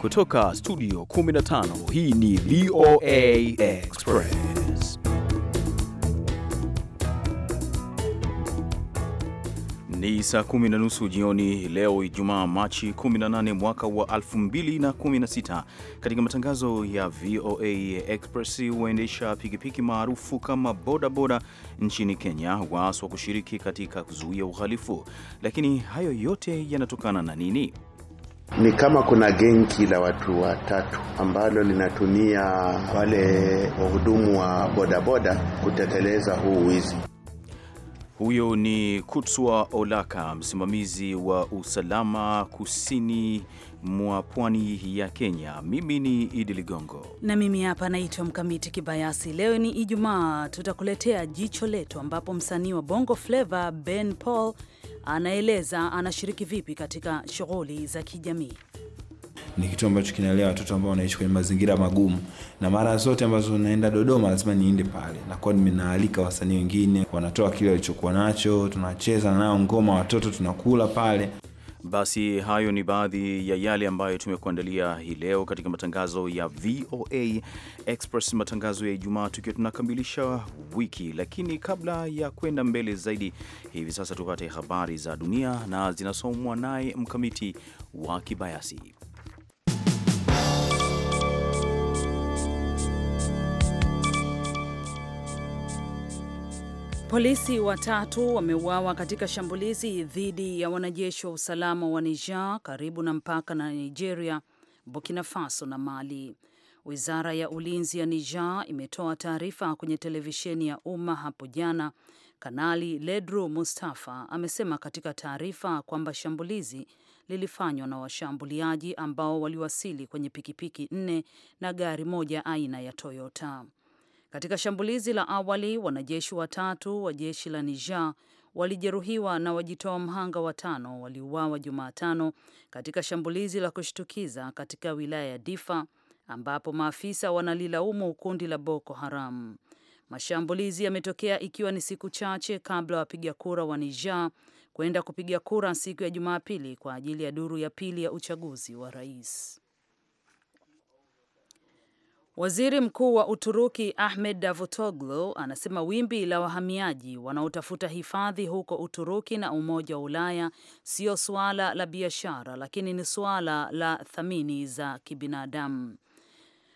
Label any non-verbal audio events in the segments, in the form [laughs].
Kutoka studio 15 hii ni VOA Express. Ni saa kumi na nusu jioni leo Ijumaa, Machi 18 mwaka wa 2016. Katika matangazo ya VOA Express, waendesha pikipiki maarufu kama bodaboda nchini Kenya waaswa kushiriki katika kuzuia uhalifu. Lakini hayo yote yanatokana na nini? Ni kama kuna genki la watu watatu ambalo linatumia wale wahudumu wa bodaboda kutekeleza huu wizi. Huyo ni Kutswa Olaka, msimamizi wa usalama kusini mwa pwani ya Kenya. Mimi ni Idi Ligongo na mimi hapa naitwa Mkamiti Kibayasi. Leo ni Ijumaa, tutakuletea jicho letu, ambapo msanii wa Bongo Flava Ben Paul anaeleza anashiriki vipi katika shughuli za kijamii. Ni kitu ambacho kinaelewa watoto ambao wanaishi kwenye mazingira magumu, na mara zote ambazo naenda Dodoma lazima niende pale, nakuwa nimenaalika wasanii wengine, wanatoa kile walichokuwa nacho, tunacheza nao ngoma, watoto tunakula pale. Basi hayo ni baadhi ya yale ambayo tumekuandalia hii leo katika matangazo ya VOA Express, matangazo ya Ijumaa, tukiwa tunakamilisha wiki. Lakini kabla ya kwenda mbele zaidi, hivi sasa tupate habari za dunia na zinasomwa naye Mkamiti wa Kibayasi. Polisi watatu wameuawa katika shambulizi dhidi ya wanajeshi wa usalama wa Niger karibu na mpaka na Nigeria, Burkina Faso na Mali. Wizara ya ulinzi ya Niger imetoa taarifa kwenye televisheni ya umma hapo jana. Kanali Ledru Mustafa amesema katika taarifa kwamba shambulizi lilifanywa na washambuliaji ambao waliwasili kwenye pikipiki nne na gari moja aina ya Toyota. Katika shambulizi la awali, wanajeshi watatu wa jeshi la Niger walijeruhiwa na wajitoa mhanga watano waliuawa Jumatano katika shambulizi la kushtukiza katika wilaya ya Difa ambapo maafisa wanalilaumu kundi la Boko Haram. Mashambulizi yametokea ikiwa ni siku chache kabla wapiga kura wa Niger kwenda kupiga kura siku ya Jumapili kwa ajili ya duru ya pili ya uchaguzi wa rais. Waziri Mkuu wa Uturuki Ahmed Davutoglu anasema wimbi la wahamiaji wanaotafuta hifadhi huko Uturuki na Umoja wa Ulaya sio suala la biashara, lakini ni suala la thamini za kibinadamu.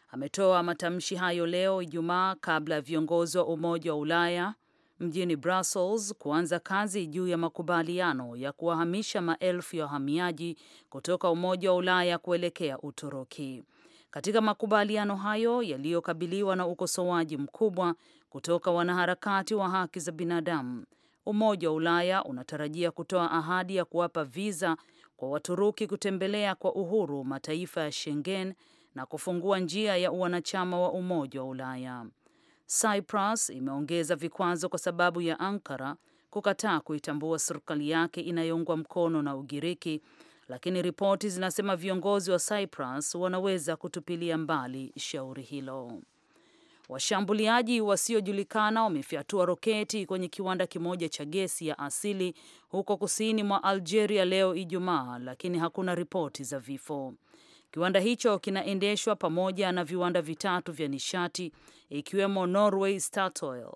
Ametoa matamshi hayo leo Ijumaa kabla ya viongozi wa Umoja wa Ulaya mjini Brussels kuanza kazi juu ya makubaliano ya kuwahamisha maelfu ya wahamiaji kutoka Umoja wa Ulaya kuelekea Uturuki. Katika makubaliano hayo yaliyokabiliwa na ukosoaji mkubwa kutoka wanaharakati wa haki za binadamu, Umoja wa Ulaya unatarajia kutoa ahadi ya kuwapa viza kwa Waturuki kutembelea kwa uhuru mataifa ya Schengen na kufungua njia ya uwanachama wa Umoja wa Ulaya. Cyprus imeongeza vikwazo kwa sababu ya Ankara kukataa kuitambua serikali yake inayoungwa mkono na Ugiriki lakini ripoti zinasema viongozi wa Cyprus wanaweza kutupilia mbali shauri hilo. Washambuliaji wasiojulikana wamefyatua roketi kwenye kiwanda kimoja cha gesi ya asili huko kusini mwa Algeria leo Ijumaa, lakini hakuna ripoti za vifo. Kiwanda hicho kinaendeshwa pamoja na viwanda vitatu vya nishati ikiwemo Norway Statoil.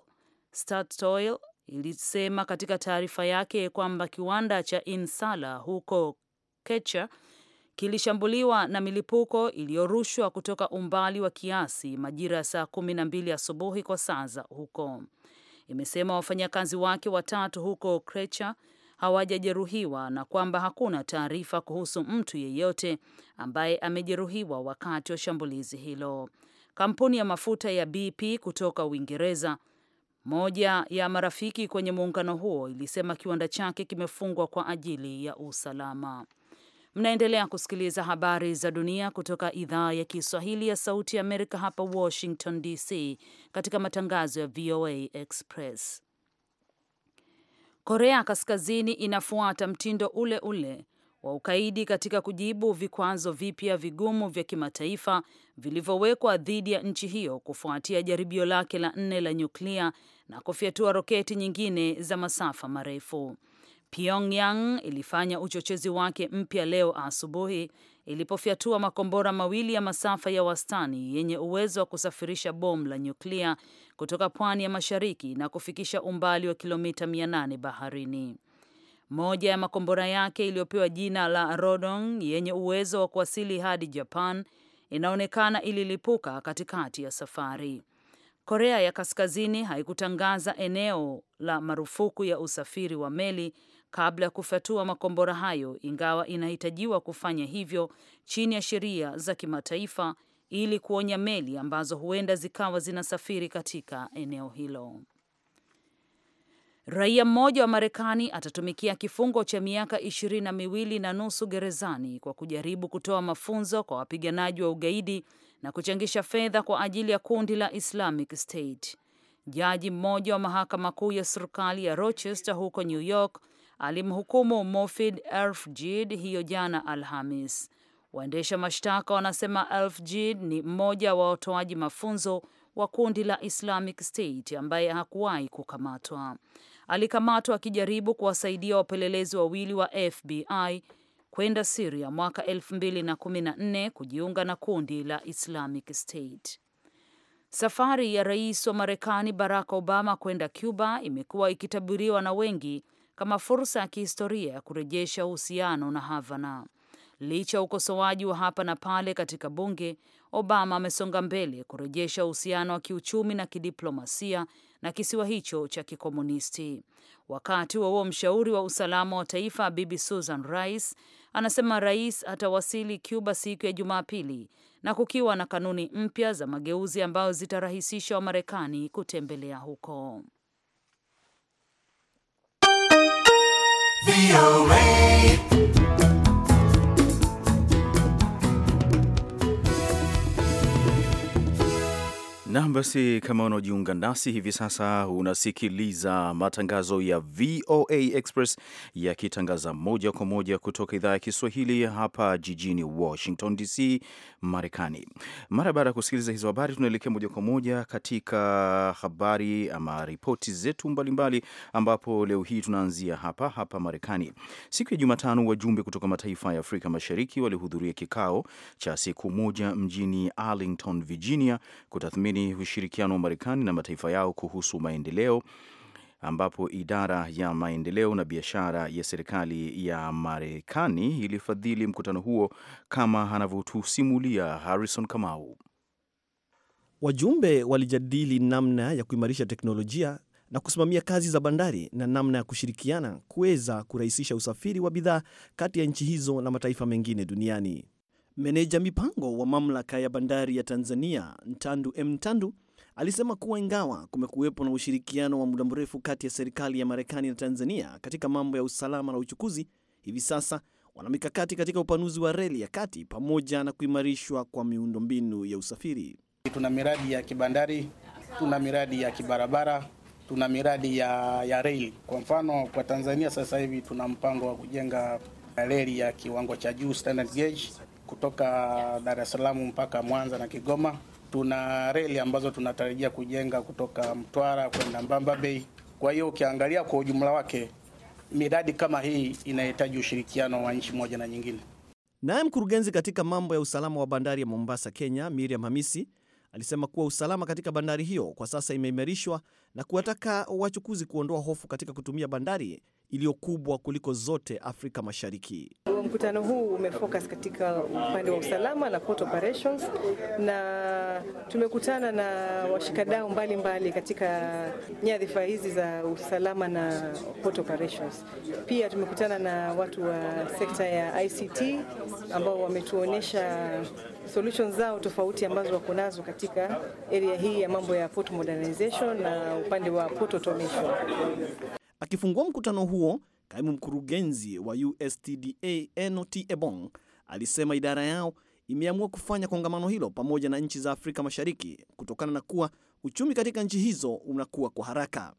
Statoil ilisema katika taarifa yake kwamba kiwanda cha Insala huko Kecha kilishambuliwa na milipuko iliyorushwa kutoka umbali wa kiasi majira ya saa kumi na mbili asubuhi kwa saa za huko. Imesema wafanyakazi wake watatu huko Quechua hawajajeruhiwa na kwamba hakuna taarifa kuhusu mtu yeyote ambaye amejeruhiwa wakati wa shambulizi hilo. Kampuni ya mafuta ya BP kutoka Uingereza, moja ya marafiki kwenye muungano huo, ilisema kiwanda chake kimefungwa kwa ajili ya usalama. Mnaendelea kusikiliza habari za dunia kutoka idhaa ya Kiswahili ya Sauti ya Amerika hapa Washington DC, katika matangazo ya VOA Express. Korea Kaskazini inafuata mtindo ule ule wa ukaidi katika kujibu vikwazo vipya vigumu vya kimataifa vilivyowekwa dhidi ya nchi hiyo kufuatia jaribio lake la nne la nyuklia na kufyatua roketi nyingine za masafa marefu. Pyongyang ilifanya uchochezi wake mpya leo asubuhi ilipofyatua makombora mawili ya masafa ya wastani yenye uwezo wa kusafirisha bomu la nyuklia kutoka pwani ya mashariki na kufikisha umbali wa kilomita 800 baharini. Moja ya makombora yake iliyopewa jina la Rodong yenye uwezo wa kuwasili hadi Japan inaonekana ililipuka katikati ya safari. Korea ya Kaskazini haikutangaza eneo la marufuku ya usafiri wa meli kabla ya kufatua makombora hayo, ingawa inahitajiwa kufanya hivyo chini ya sheria za kimataifa ili kuonya meli ambazo huenda zikawa zinasafiri katika eneo hilo. Raia mmoja wa Marekani atatumikia kifungo cha miaka ishirini na miwili na nusu gerezani kwa kujaribu kutoa mafunzo kwa wapiganaji wa ugaidi na kuchangisha fedha kwa ajili ya kundi la Islamic State. Jaji mmoja wa mahakama kuu ya serikali ya Rochester huko New York alimhukumu Mofid Elfjid hiyo jana Alhamis. Waendesha mashtaka wanasema Elfjid ni mmoja wa watoaji mafunzo wa kundi la Islamic State ambaye hakuwahi kukamatwa. Alikamatwa akijaribu kuwasaidia wapelelezi wawili wa FBI kwenda Siria mwaka 2014 kujiunga na kundi la Islamic State. Safari ya rais wa Marekani Barack Obama kwenda Cuba imekuwa ikitabiriwa na wengi kama fursa ya kihistoria ya kurejesha uhusiano na Havana. Licha ya ukosoaji wa hapa na pale katika bunge, Obama amesonga mbele kurejesha uhusiano wa kiuchumi na kidiplomasia na kisiwa hicho cha kikomunisti. Wakati wa huo, mshauri wa usalama wa taifa Bibi Susan Rice anasema rais atawasili Cuba siku ya Jumapili na kukiwa na kanuni mpya za mageuzi ambayo zitarahisisha Wamarekani kutembelea huko. VOA Nam, basi kama unaojiunga nasi hivi sasa, unasikiliza matangazo ya VOA Express yakitangaza moja kwa moja kutoka idhaa ya Kiswahili hapa jijini Washington DC, Marekani. Mara baada ya kusikiliza hizo habari, tunaelekea moja kwa moja katika habari ama ripoti zetu mbalimbali, ambapo leo hii tunaanzia hapa hapa Marekani. Siku ya Jumatano, wajumbe kutoka mataifa ya Afrika Mashariki walihudhuria kikao cha siku moja mjini Arlington, Virginia kutathmini kujadili ushirikiano wa Marekani na mataifa yao kuhusu maendeleo, ambapo idara ya maendeleo na biashara ya serikali ya Marekani ilifadhili mkutano huo, kama anavyotusimulia Harrison Kamau. Wajumbe walijadili namna ya kuimarisha teknolojia na kusimamia kazi za bandari na namna ya kushirikiana kuweza kurahisisha usafiri wa bidhaa kati ya nchi hizo na mataifa mengine duniani. Meneja mipango wa mamlaka ya bandari ya Tanzania Ntandu M. Ntandu alisema kuwa ingawa kumekuwepo na ushirikiano wa muda mrefu kati ya serikali ya Marekani na Tanzania katika mambo ya usalama na uchukuzi, hivi sasa wana mikakati katika upanuzi wa reli ya kati pamoja na kuimarishwa kwa miundombinu ya usafiri. Tuna miradi ya kibandari, tuna miradi ya kibarabara, tuna miradi ya, ya reli. Kwa mfano kwa Tanzania sasa hivi tuna mpango wa kujenga reli ya kiwango cha juu standard gauge kutoka Dar es Salaam mpaka Mwanza na Kigoma. Tuna reli ambazo tunatarajia kujenga kutoka Mtwara kwenda Mbamba Bay. Kwa hiyo ukiangalia kwa ujumla wake, miradi kama hii inahitaji ushirikiano wa nchi moja na nyingine. Naye mkurugenzi katika mambo ya usalama wa bandari ya Mombasa, Kenya, Miriam Hamisi alisema kuwa usalama katika bandari hiyo kwa sasa imeimarishwa na kuwataka wachukuzi kuondoa hofu katika kutumia bandari iliyo kubwa kuliko zote Afrika Mashariki. Mkutano huu umefocus katika upande wa usalama na port operations, na tumekutana na washikadau mbalimbali katika nyadhifa hizi za usalama na port operations. Pia tumekutana na watu wa sekta ya ICT ambao wametuonyesha solutions zao tofauti ambazo wako nazo katika area hii ya mambo ya port modernization na upande wa port automation. Akifungua mkutano huo, kaimu mkurugenzi wa USTDA NOT Ebong alisema idara yao imeamua kufanya kongamano hilo pamoja na nchi za Afrika Mashariki kutokana na kuwa uchumi katika nchi hizo unakuwa kwa haraka,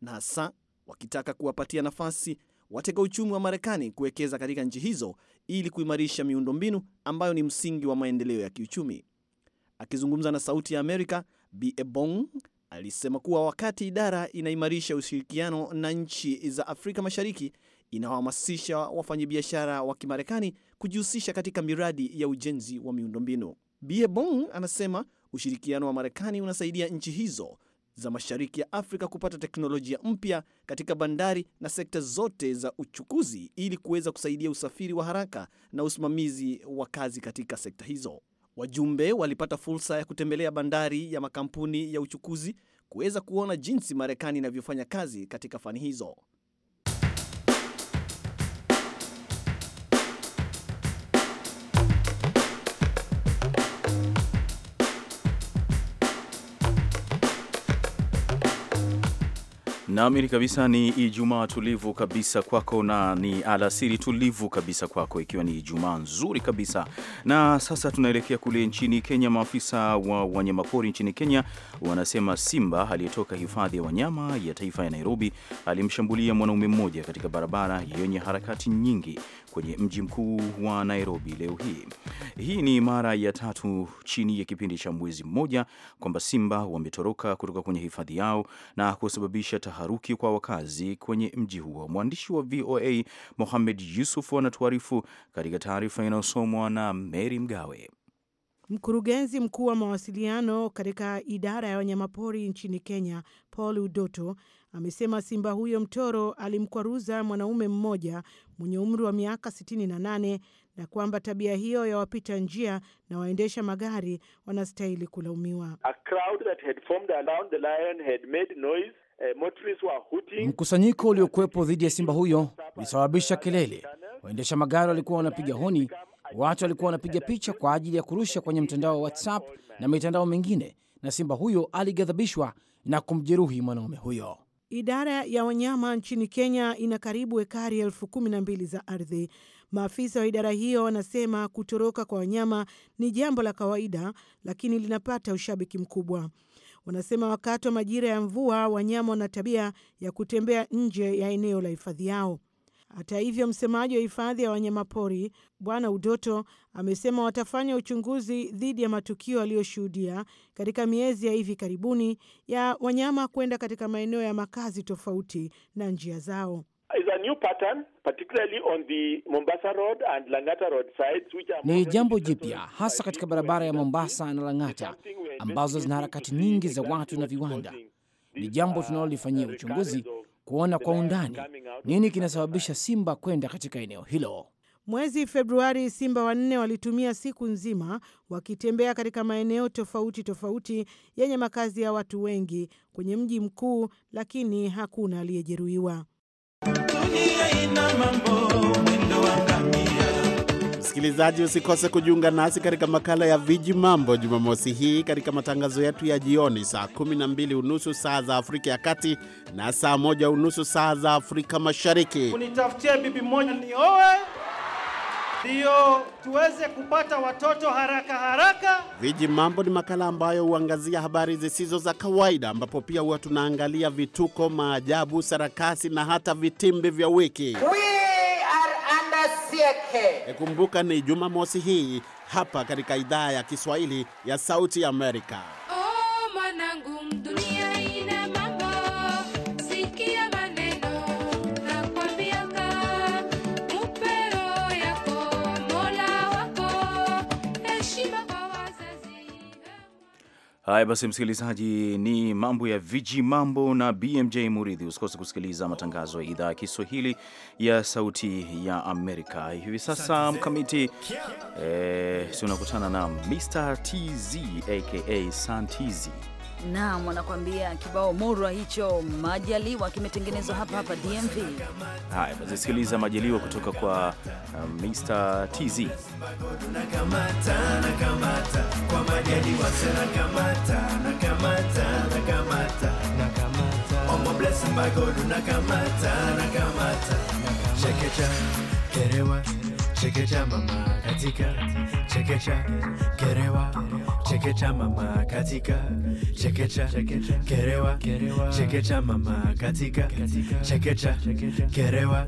na hasa wakitaka kuwapatia nafasi wateka uchumi wa Marekani kuwekeza katika nchi hizo ili kuimarisha miundombinu ambayo ni msingi wa maendeleo ya kiuchumi. Akizungumza na Sauti ya Amerika, Bi Ebong alisema kuwa wakati idara inaimarisha ushirikiano na nchi za Afrika Mashariki, inawahamasisha wafanyabiashara wa Kimarekani kujihusisha katika miradi ya ujenzi wa miundombinu. Biebong anasema ushirikiano wa Marekani unasaidia nchi hizo za mashariki ya Afrika kupata teknolojia mpya katika bandari na sekta zote za uchukuzi ili kuweza kusaidia usafiri wa haraka na usimamizi wa kazi katika sekta hizo. Wajumbe walipata fursa ya kutembelea bandari ya makampuni ya uchukuzi kuweza kuona jinsi Marekani inavyofanya kazi katika fani hizo. Naamini kabisa ni Ijumaa tulivu kabisa kwako na ni alasiri tulivu kabisa kwako, ikiwa ni Ijumaa nzuri kabisa. Na sasa tunaelekea kule nchini Kenya. Maafisa wa wanyamapori nchini Kenya wanasema simba aliyetoka hifadhi ya wanyama ya taifa ya Nairobi alimshambulia mwanaume mmoja katika barabara yenye harakati nyingi kwenye mji mkuu wa Nairobi leo hii. Hii ni mara ya tatu chini ya kipindi cha mwezi mmoja kwamba simba wametoroka kutoka kwenye hifadhi yao na kusababisha taharuki kwa wakazi kwenye mji huo. Mwandishi wa VOA Mohamed Yusuf anatuarifu katika taarifa inayosomwa na Mary Mgawe. Mkurugenzi mkuu wa mawasiliano katika idara ya wanyamapori nchini Kenya, Paul Udoto amesema simba huyo mtoro alimkwaruza mwanaume mmoja mwenye umri wa miaka 68 na kwamba tabia hiyo ya wapita njia na waendesha magari wanastahili kulaumiwa. Eh, Mkusanyiko uliokuwepo dhidi ya simba huyo ulisababisha kelele, waendesha magari walikuwa wanapiga honi, watu walikuwa wanapiga picha kwa ajili ya kurusha kwenye mtandao wa WhatsApp na mitandao mingine, na simba huyo aligadhabishwa na kumjeruhi mwanaume huyo. Idara ya wanyama nchini Kenya ina karibu ekari elfu kumi na mbili za ardhi. Maafisa wa idara hiyo wanasema kutoroka kwa wanyama ni jambo la kawaida, lakini linapata ushabiki mkubwa. Wanasema wakati wa majira ya mvua wanyama wana tabia ya kutembea nje ya eneo la hifadhi yao. Hata hivyo, msemaji wa hifadhi ya wanyamapori Bwana Udoto amesema watafanya uchunguzi dhidi ya matukio aliyoshuhudia katika miezi ya hivi karibuni ya wanyama kwenda katika maeneo ya makazi tofauti na njia zao. Ni jambo jipya hasa katika barabara ya Mombasa na Lang'ata ambazo zina harakati nyingi za watu na viwanda. Ni jambo tunalolifanyia uchunguzi kuona kwa undani nini kinasababisha simba kwenda katika eneo hilo. Mwezi Februari, simba wanne walitumia siku nzima wakitembea katika maeneo tofauti tofauti yenye makazi ya watu wengi kwenye mji mkuu, lakini hakuna aliyejeruhiwa. Dunia ina mambo Msikilizaji, usikose kujiunga nasi katika makala ya Viji Mambo Jumamosi hii katika matangazo yetu ya jioni saa 12 unusu saa za Afrika ya Kati na saa moja unusu saa za Afrika Mashariki. Unitafutie bibi moja nioe ndiyo tuweze kupata watoto haraka haraka. Viji Mambo ni makala ambayo huangazia habari zisizo za kawaida, ambapo pia huwa tunaangalia vituko, maajabu, sarakasi na hata vitimbi vya wiki Wee! Kumbuka ni Jumamosi hii hapa katika idhaa ya Kiswahili ya Sauti ya Amerika. Oh, Haya basi, msikilizaji, ni mambo ya viji mambo na BMJ Muridhi. Usikose kusikiliza matangazo ya idhaa ya Kiswahili ya Sauti ya Amerika. Hivi sasa mkamiti, eh, si unakutana na Mr TZ aka Santizi. Naam, wanakuambia kibao murwa hicho Majaliwa kimetengenezwa hapa hapa DMV. Haya, mnasikiliza Majaliwa kutoka kwa um, Mr TZ. Oh, chekecha kerewa chekecha mama katika chekecha kerewa chekecha mama katika chekecha kerewa chekecha mama katika chekecha kerewa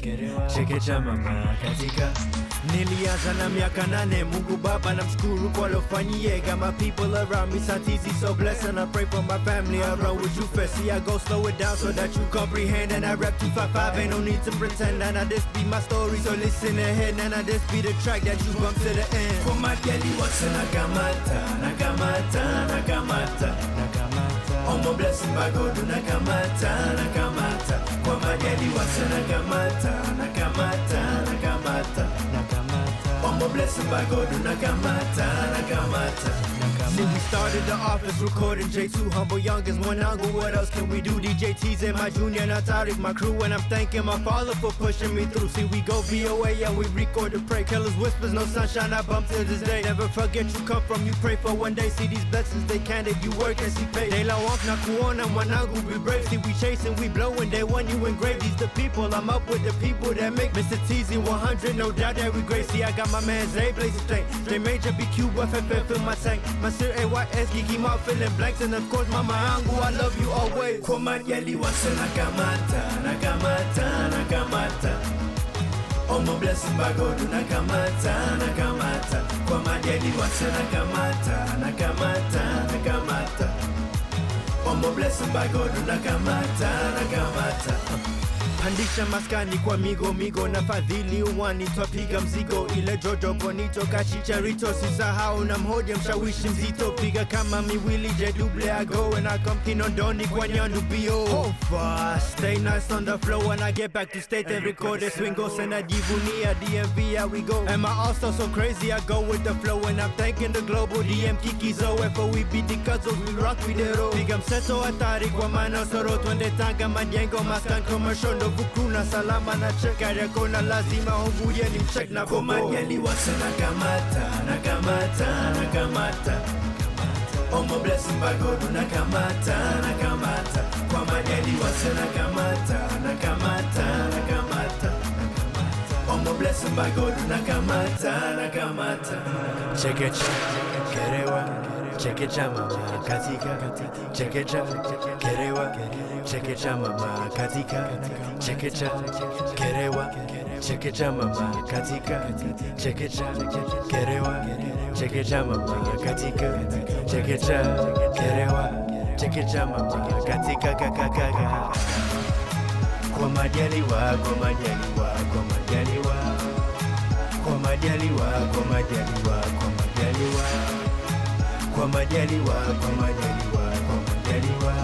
chekecha mama katika Nilianza na miaka nane, Mungu Baba namshukuru kwa lofanyiega. My people around me satizi so blessed and I pray for my family. I run with you first, see I go slow it down so that you comprehend. And I rap 255, ain't no need to pretend. And I just be my story, so listen ahead. And I just be the track that you bump to the end. For my daily works and nakamata, nakamata, nakamata, nakamata. All my blessings by God, nakamata, nakamata. For my daily works and nakamata, nakamata, nakamata, nakamata. Mo blessing by God unakamata nakamata See, we started the office recording J2 Humble Young is one angle. What else can we do? DJ in and my junior, not Tariq, my crew. And I'm thanking my father for pushing me through. See, we go BOA, yeah, we record to pray. Killers whispers, no sunshine, I bump to this day. Never forget you come from, you pray for one day. See, these blessings, they can if you work and see pay. They la walk, na kuona, one angle, we brave. See, we chasing, we blowing, they want you engraved These the people, I'm up with the people that make Mr. Tz 100. No doubt that we great. See, I got my man Zay Blaze stay. They major BQ, FFF in my tank. Masir AYS Kikima feeling blanks and of course mama yangu I love you always Kwa majali wase nakamata nakamata nakamata Omo bless mbagodu nakamata nakamata Kwa majali wase nakamata nakamata nakamata Omo bless mbagodu nakamata nakamata Pandisha maskani kwa migo migo na fadhili uwani twapiga mzigo ile jojo bonito kachicharito sisahau na mhoja mshawishi mzito piga kama miwili je double ago and I come kinondoni kwa nyandubio Hova stay nice on the flow when I get back to state and record a swing goes and najivunia DMV here we go Am I also so crazy I go with the flow and I'm thanking the global DM Kikizo beat the Cuzzles we rock with the road Piga mseto hatari kwa maana soro twende Tanga majengo maskan commercial nguvu kuna salama na check kari kona lazima huvuye ni check na komanyeli wasa na kamata na kamata na kamata omo blessing bagodu na kamata na kamata kwa manyeli wasa na kamata Sumbago kerewa chekecha mama katika chekecha mama katika chekecha kerewa chekecha mama katika kakakaka kwa majaliwa kwa majaliwa kwa majaliwa majaliwa, kwa majaliwa, kwa majaliwa, kwa majaliwa, kwa majaliwa, kwa majaliwa,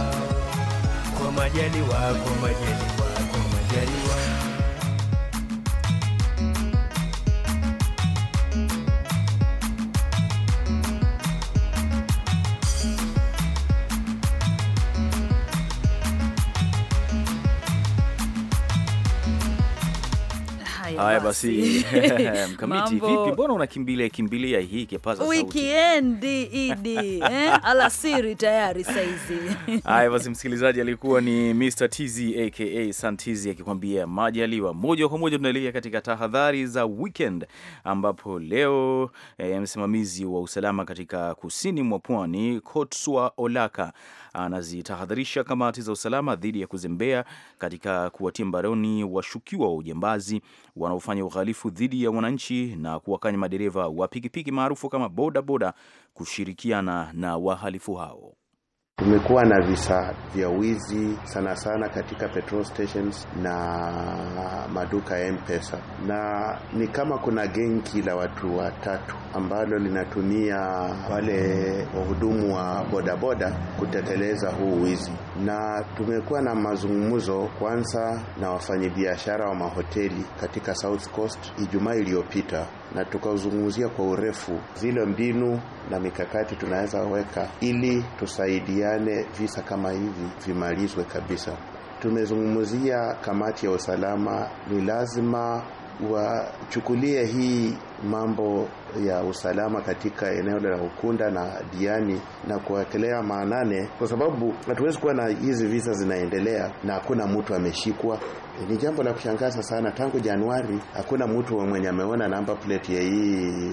kwa majaliwa, kwa majaliwa, kwa majaliwa Haya basi, [laughs] mkamiti vipi, mbona unakimbilia kimbilia hii kipaza sauti wikendi idi eh? Alasiri tayari saizi. [laughs] Haya basi, msikilizaji, alikuwa ni Mr TZ aka Santizi akikwambia majaliwa. Moja kwa moja tunaelekea katika tahadhari za weekend, ambapo leo eh, msimamizi wa usalama katika kusini mwa pwani Kotswa Olaka anazitahadharisha kamati za usalama dhidi ya kuzembea katika kuwatia mbaroni washukiwa wa ujambazi wanaofanya uhalifu dhidi ya wananchi na kuwakanya madereva wa pikipiki maarufu kama bodaboda kushirikiana na wahalifu hao tumekuwa na visa vya wizi sana sana katika petrol stations na maduka ya M-Pesa, na ni kama kuna genki la watu watatu ambalo linatumia wale wahudumu wa bodaboda kutekeleza huu wizi, na tumekuwa na mazungumzo kwanza na wafanyabiashara wa mahoteli katika South Coast Ijumaa iliyopita na tukauzungumzia kwa urefu zile mbinu na mikakati tunaweza weka ili tusaidiane visa kama hivi vimalizwe kabisa. Tumezungumzia kamati ya usalama, ni lazima wachukulie hii mambo ya usalama katika eneo la Ukunda na Diani na kuwekelea maanane, kwa sababu hatuwezi kuwa na hizi visa zinaendelea na hakuna mtu ameshikwa. Ni jambo la kushangaza sana, tangu Januari hakuna mtu mwenye ameona namba plate ya hii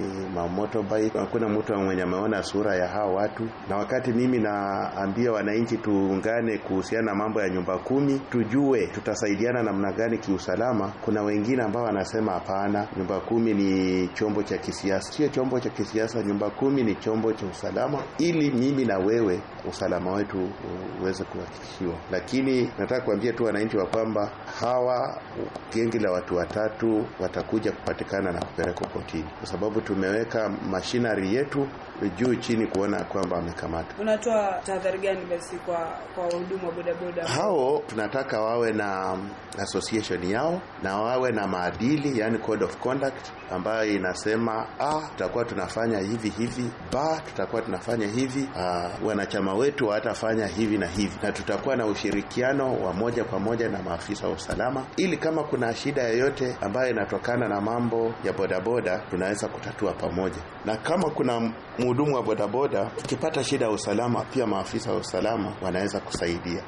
bike, hakuna mtu mwenye ameona sura ya hawa watu. Na wakati mimi naambia wananchi tuungane kuhusiana na mambo ya nyumba kumi, tujue tutasaidiana namna gani kiusalama, kuna wengine ambao wanasema hapana, nyumba kumi ni chombo cha kisiasa sio chombo cha kisiasa. Nyumba Kumi ni chombo cha usalama, ili mimi na wewe usalama wetu uweze kuhakikishiwa. Lakini nataka kuambia tu wananchi wa kwamba hawa gengi la watu watatu watakuja kupatikana na kupelekwa kotini, kwa sababu tumeweka mashinari yetu juu chini kuona kwamba wamekamata. Unatoa tahadhari gani basi kwa kwa wahudumu wa bodaboda hao? Tunataka wawe na association yao na wawe na maadili, yani code of conduct ambayo inasema ah, tutakuwa tunafanya hivi hivi, ba tutakuwa tunafanya hivi, ah, wanachama wetu watafanya hivi na hivi, na tutakuwa na ushirikiano wa moja kwa moja na maafisa wa usalama, ili kama kuna shida yoyote ambayo inatokana na mambo ya bodaboda tunaweza kutatua pamoja, na kama kuna mhudumu wa bodaboda ukipata shida ya usalama, pia maafisa wa usalama wanaweza kusaidia.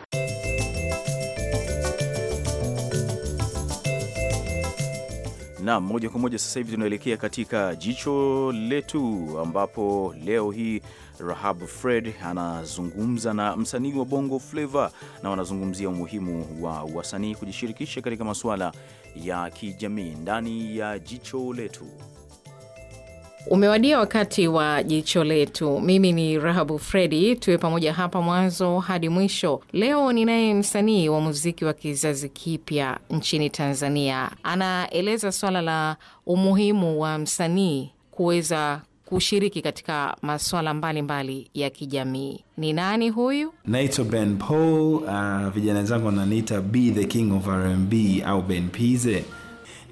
na moja kwa moja sasa hivi tunaelekea katika jicho letu, ambapo leo hii Rahab Fred anazungumza na msanii wa Bongo Flava na wanazungumzia umuhimu wa wasanii kujishirikisha katika masuala ya kijamii ndani ya jicho letu. Umewadia wakati wa jicho letu. Mimi ni Rahabu Fredi, tuwe pamoja hapa mwanzo hadi mwisho. Leo ninaye msanii wa muziki wa kizazi kipya nchini Tanzania, anaeleza swala la umuhimu wa msanii kuweza kushiriki katika maswala mbalimbali mbali ya kijamii. Ni nani huyu? Naitwa Ben Paul. Uh, vijana wenzangu wananiita B the King of R&B au Ben Pize.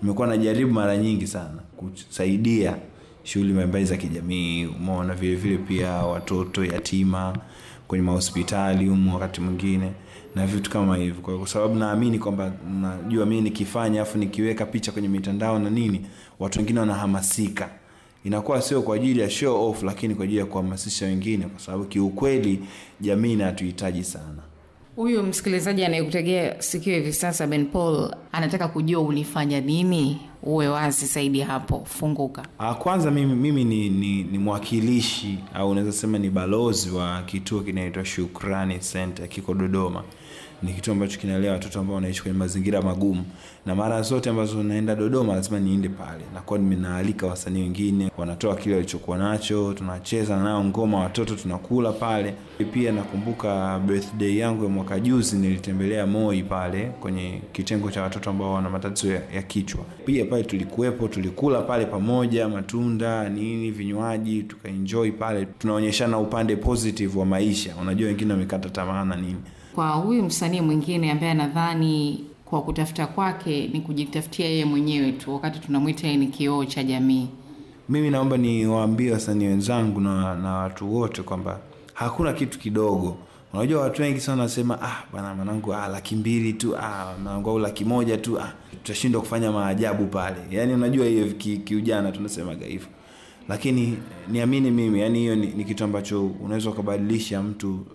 Nimekuwa najaribu mara nyingi sana kusaidia shughuli mbalimbali za kijamii umeona vile vile pia watoto yatima kwenye mahospitali humu wakati mwingine na vitu kama hivyo kwa sababu naamini kwamba najua mimi nikifanya afu nikiweka picha kwenye mitandao na nini watu wengine wanahamasika inakuwa sio kwa ajili ya show off lakini kwa ajili ya kuhamasisha wengine kwa sababu kiukweli jamii inatuhitaji sana Huyu msikilizaji anayekutegea sikio hivi sasa, Ben Paul anataka kujua ulifanya nini. Uwe wazi zaidi hapo, funguka. Ah, kwanza mimi, mimi ni, ni, ni mwakilishi au unaweza sema ni balozi wa kituo kinaitwa Shukrani Center, kiko Dodoma ni kitu ambacho kinalea watoto ambao wanaishi kwenye mazingira magumu, na mara zote ambazo naenda Dodoma lazima niende pale, nakuwa nimenaalika wasanii wengine, wanatoa kile walichokuwa nacho, tunacheza nao ngoma, watoto tunakula pale. Pia nakumbuka birthday yangu ya mwaka juzi, nilitembelea Moi pale kwenye kitengo cha watoto ambao wana matatizo ya, ya kichwa. Pia pale tulikuwepo, tulikula pale pamoja, matunda nini, vinywaji, tukaenjoy pale, tunaonyeshana upande positive wa maisha. Unajua wengine wamekata tamaa na nini kwa huyu msanii mwingine ambaye nadhani kwa kutafuta kwake ni kujitafutia yeye mwenyewe tu, wakati tunamwita yeye ni kioo cha jamii. Mimi naomba niwaambie wasanii wenzangu na, na watu wote kwamba hakuna kitu kidogo. Unajua watu wengi sana wanasema ah, bwana mwanangu, ah, laki mbili tu ah, mwanangu au laki moja tu ah, tutashindwa kufanya maajabu pale. Yani unajua hiyo kiujana ki tunasema gaifu lakini niamini mimi, yani hiyo ni, ni kitu ambacho unaweza ukabadilisha mtu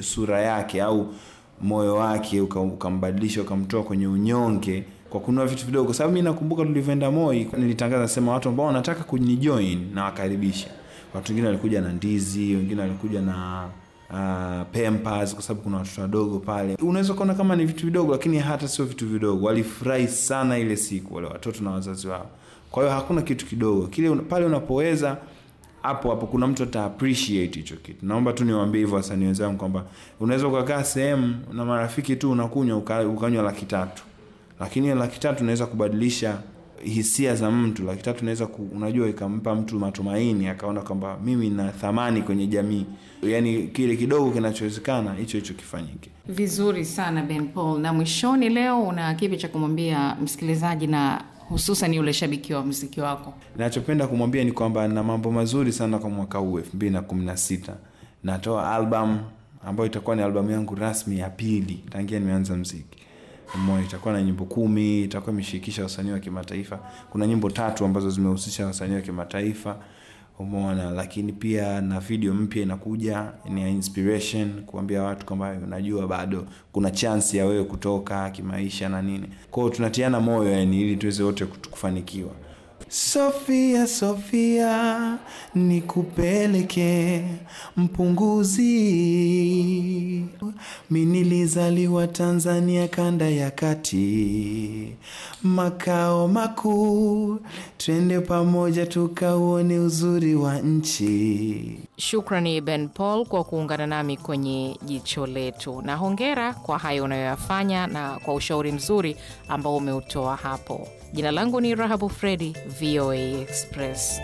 sura yake au moyo wake ukambadilisha uka ukamtoa kwenye unyonge kwa kununua vitu vidogo, kwa sababu mi nakumbuka tulivyoenda Moi nilitangaza sema watu ambao wanataka kunijoin na wakaribisha. Watu wengine walikuja na ndizi, wengine walikuja na uh, pampers kwa sababu kuna watoto wadogo pale. Unaweza kuona kama ni vitu vidogo, lakini hata sio vitu vidogo. Walifurahi sana ile siku wale watoto na wazazi wao. Kwa hiyo hakuna kitu kidogo kile pale unapoweza hapo hapo kuna mtu ata appreciate hicho kitu. Naomba tu niwaambie hivyo wasanii wenzangu kwamba unaweza ukakaa sehemu na marafiki tu unakunywa ukanywa laki tatu, lakini laki tatu unaweza kubadilisha hisia za mtu. Laki tatu unaweza unajua, ikampa mtu matumaini, akaona kwamba mimi na thamani kwenye jamii. yaani kile kidogo kinachowezekana hicho hicho kifanyike vizuri sana. Ben Paul, na mwishoni leo una kipi cha kumwambia msikilizaji na hususan yule shabiki wa mziki wako? Nachopenda kumwambia ni kwamba na mambo mazuri sana kwa mwaka huu elfu mbili na kumi na sita natoa albam ambayo itakuwa ni albamu yangu rasmi ya pili tangia nimeanza mziki itakuwa na nyimbo kumi itakuwa imeshirikisha wasanii wa kimataifa kuna nyimbo tatu ambazo zimehusisha wasanii wa kimataifa umeona, lakini pia na video mpya inakuja ni inspiration kuambia watu kwamba unajua bado kuna chance ya wewe kutoka kimaisha na nini. kwao tunatiana moyo yani, ili tuweze wote kufanikiwa. Sofia, Sofia, nikupeleke mpunguzi. nilizaliwa Tanzania, kanda ya kati, makao makuu. Twende pamoja tukauone uzuri wa nchi. Shukrani Ben Paul kwa kuungana nami kwenye jicho letu, na hongera kwa hayo unayoyafanya na kwa ushauri mzuri ambao umeutoa hapo. Jina langu ni Rahabu Fredi, VOA Express.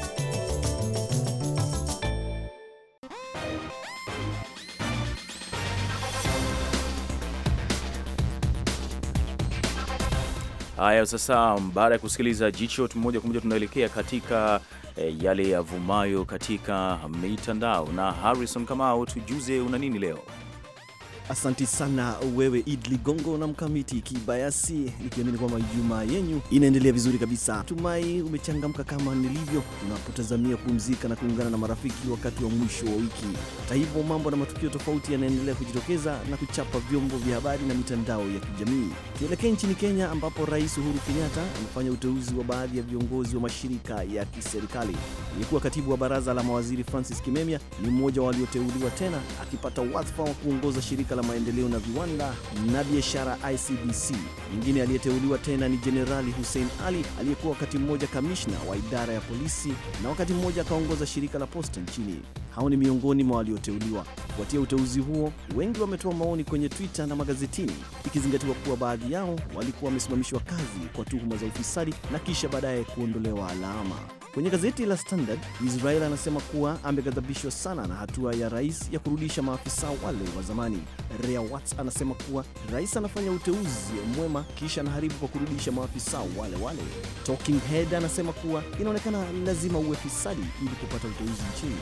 Haya, sasa baada ya kusikiliza jicho moja kwa moja, tunaelekea katika e, yale yavumayo katika mitandao na Harrison Kamau, tujuze una nini leo? Asanti sana wewe Id Ligongo na Mkamiti Kibayasi, nikiamini kwamba juma yenyu inaendelea vizuri kabisa. Tumai umechangamka kama nilivyo, tunapotazamia kupumzika na kuungana na marafiki wakati wa mwisho wa wiki. Hata hivyo, mambo na matukio tofauti yanaendelea kujitokeza na kuchapa vyombo vya habari na mitandao ya kijamii. Tuelekee nchini Kenya, ambapo Rais Uhuru Kenyatta amefanya uteuzi wa baadhi ya viongozi wa mashirika ya kiserikali. Aliyekuwa katibu wa baraza la mawaziri Francis Kimemia ni mmoja walioteuliwa tena, akipata wadhifa wa kuongoza shirika la maendeleo na viwanda na biashara ICBC. Mwingine aliyeteuliwa tena ni Jenerali Hussein Ali aliyekuwa wakati mmoja kamishna wa idara ya polisi na wakati mmoja akaongoza shirika la posta nchini. Hao ni miongoni mwa walioteuliwa. Kufuatia uteuzi huo, wengi wametoa maoni kwenye Twitter na magazetini, ikizingatiwa kuwa baadhi yao walikuwa wamesimamishwa kazi kwa tuhuma za ufisadi na kisha baadaye kuondolewa alama. Kwenye gazeti la Standard, Israel anasema kuwa ameghadhabishwa sana na hatua ya rais ya kurudisha maafisa wale wa zamani. Rea Watts anasema kuwa rais anafanya uteuzi mwema kisha anaharibu kwa kurudisha maafisa wale wale. Talking Head anasema kuwa inaonekana lazima uwe fisadi ili kupata uteuzi nchini.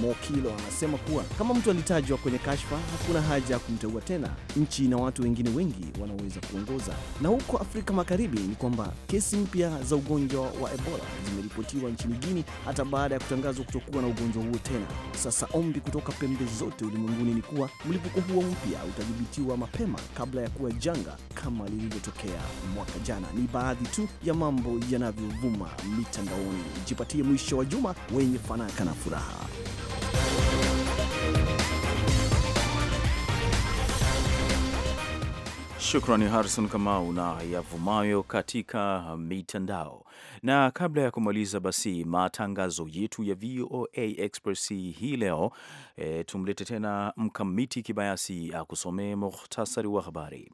Mokilo anasema kuwa kama mtu alitajwa kwenye kashfa, hakuna haja ya kumteua tena. Nchi na watu wengine wengi wanaoweza kuongoza. Na huko Afrika Magharibi ni kwamba kesi mpya za ugonjwa wa Ebola zimeripotiwa nchini Guinea hata baada ya kutangazwa kutokuwa na ugonjwa huo tena. Sasa ombi kutoka pembe zote ulimwenguni ni kuwa mlipuko huo mpya utadhibitiwa mapema kabla ya kuwa janga kama lilivyotokea mwaka jana. Ni baadhi tu ya mambo yanavyovuma mitandaoni. Jipatie mwisho wa juma wenye fanaka na furaha. Shukrani Harrison Kamau na yavumayo katika mitandao. Na kabla ya kumaliza basi matangazo yetu ya VOA Express hii leo, e, tumlete tena Mkamiti Kibayasi akusomee muhtasari wa habari.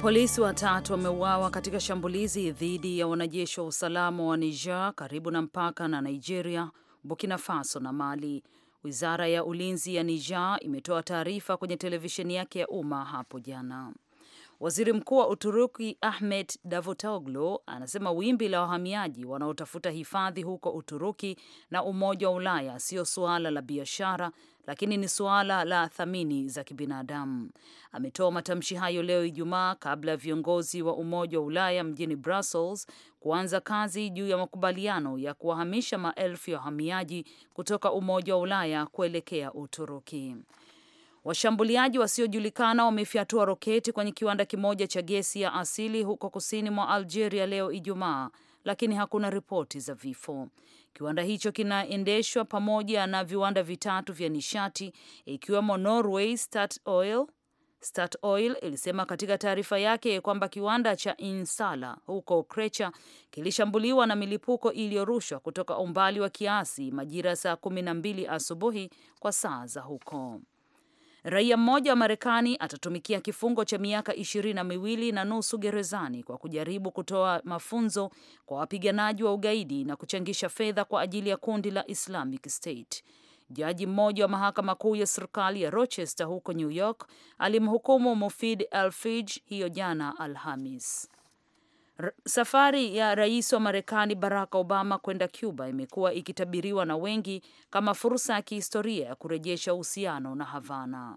Polisi watatu wameuawa katika shambulizi dhidi ya wanajeshi wa usalama wa Niger karibu na mpaka na Nigeria, Burkina Faso na Mali. Wizara ya ulinzi ya Niger imetoa taarifa kwenye televisheni yake ya umma hapo jana. Waziri Mkuu wa Uturuki Ahmed Davutoglu anasema wimbi la wahamiaji wanaotafuta hifadhi huko Uturuki na Umoja wa Ulaya sio suala la biashara lakini ni suala la thamini za kibinadamu. Ametoa matamshi hayo leo Ijumaa kabla ya viongozi wa Umoja wa Ulaya mjini Brussels kuanza kazi juu ya makubaliano ya kuwahamisha maelfu ya wahamiaji kutoka Umoja wa Ulaya kuelekea Uturuki. Washambuliaji wasiojulikana wamefyatua roketi kwenye kiwanda kimoja cha gesi ya asili huko kusini mwa Algeria leo Ijumaa lakini hakuna ripoti za vifo. Kiwanda hicho kinaendeshwa pamoja na viwanda vitatu vya nishati ikiwemo Norway Statoil. Statoil ilisema katika taarifa yake kwamba kiwanda cha Insala huko Krecha kilishambuliwa na milipuko iliyorushwa kutoka umbali wa kiasi majira saa kumi na mbili asubuhi kwa saa za huko. Raia mmoja wa Marekani atatumikia kifungo cha miaka ishirini na miwili na nusu gerezani kwa kujaribu kutoa mafunzo kwa wapiganaji wa ugaidi na kuchangisha fedha kwa ajili ya kundi la Islamic State. Jaji mmoja wa mahakama kuu ya serikali ya Rochester huko New York alimhukumu Mufid alfij hiyo jana Alhamis. Safari ya rais wa Marekani Barack Obama kwenda Cuba imekuwa ikitabiriwa na wengi kama fursa ya kihistoria ya kurejesha uhusiano na Havana.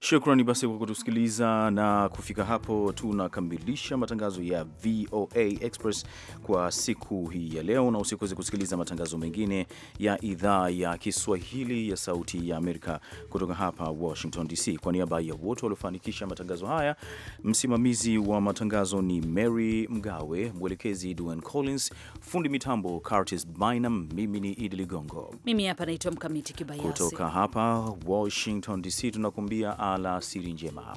Shukrani basi kwa kutusikiliza, na kufika hapo tunakamilisha matangazo ya VOA Express kwa siku hii ya leo, na usikose kusikiliza matangazo mengine ya idhaa ya Kiswahili ya Sauti ya Amerika kutoka hapa Washington DC. Kwa niaba ya wote waliofanikisha matangazo haya, msimamizi wa matangazo ni Mary Mgao. Mgawe, mwelekezi Duan Collins, fundi mitambo Curtis Bynum. Mimi ni Idi Ligongo, mimi hapa naitwa Mkamiti Kibayasi, kutoka hapa Washington DC, tunakuambia alasiri njema.